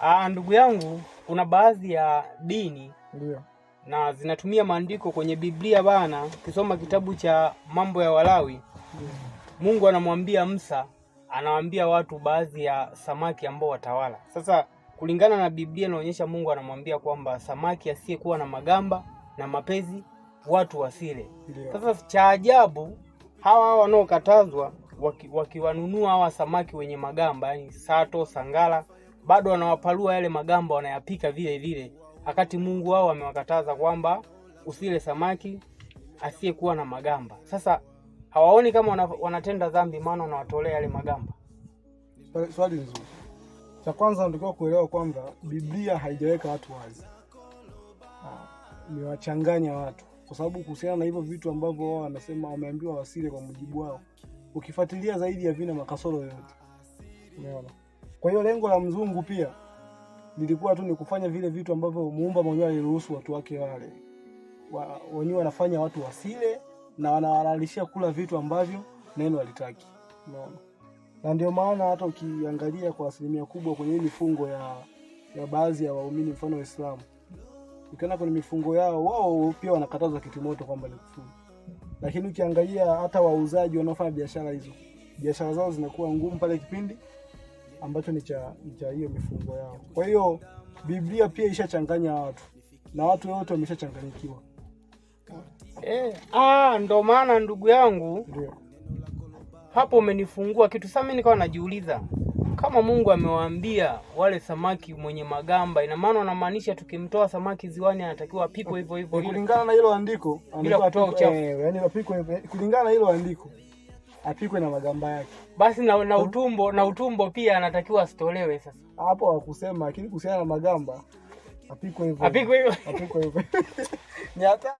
Ah, ndugu yangu, kuna baadhi ya dini ndio na zinatumia maandiko kwenye Biblia bana. Ukisoma kitabu cha mambo ya Walawi Mungu anamwambia Musa, anawaambia watu baadhi ya samaki ambao watawala. Sasa kulingana na Biblia inaonyesha Mungu anamwambia kwamba samaki asiyekuwa na magamba na mapezi watu wasile. Sasa cha ajabu hawa hawa wanaokatazwa wakiwanunua waki hawa samaki wenye magamba, yani sato, sangala bado wanawapalua yale magamba wanayapika vile vile, wakati Mungu wao amewakataza kwamba usile samaki asiyekuwa na magamba. Sasa hawaoni kama wanatenda dhambi, maana wanawatolea yale magamba. Swali nzuri. Cha kwanza unatakiwa kuelewa kwamba Biblia haijaweka watu wazi, ah, imewachanganya watu kwa sababu kuhusiana na hivyo vitu ambavyo wao wanasema wameambiwa wasile kwa mujibu wao, ukifuatilia zaidi havina makasoro yoyote, umeona. Kwa hiyo lengo la mzungu pia lilikuwa tu ni kufanya vile vitu ambavyo muumba mwenyewe aliruhusu watu wake wale wa, wenyewe wanafanya watu wasile na wanawalalishia kula vitu ambavyo neno alitaki, no. Na ndio maana hata ukiangalia kwa asilimia kubwa kwenye mifungo ya ya baadhi ya waumini mfano Waislamu, ukiona kwenye mifungo yao wao pia wanakatazwa kitimoto kwamba ni kufuru. Lakini ukiangalia hata wauzaji wanaofanya biashara hizo, biashara zao zinakuwa ngumu pale kipindi ambacho ni cha hiyo mifungo yao. Kwa hiyo Biblia pia ishachanganya watu na watu wote wameshachanganyikiwa. Eh, ah, ndo maana ndugu yangu ndio hapo umenifungua kitu. Sasa mimi nikawa najiuliza kama Mungu amewaambia wale samaki mwenye magamba, ina maana anamaanisha tukimtoa samaki ziwani anatakiwa apikwe hivyo hivyo, kulingana na hilo andiko, bila kutoa uchafu, eh, yani apikwe kulingana na hilo andiko apikwe na magamba yake basi na, na utumbo na utumbo pia anatakiwa asitolewe. Sasa hapo wakusema lakini kuhusiana na magamba apikwe hivyo, apikwe hivyo, apikwe hivyo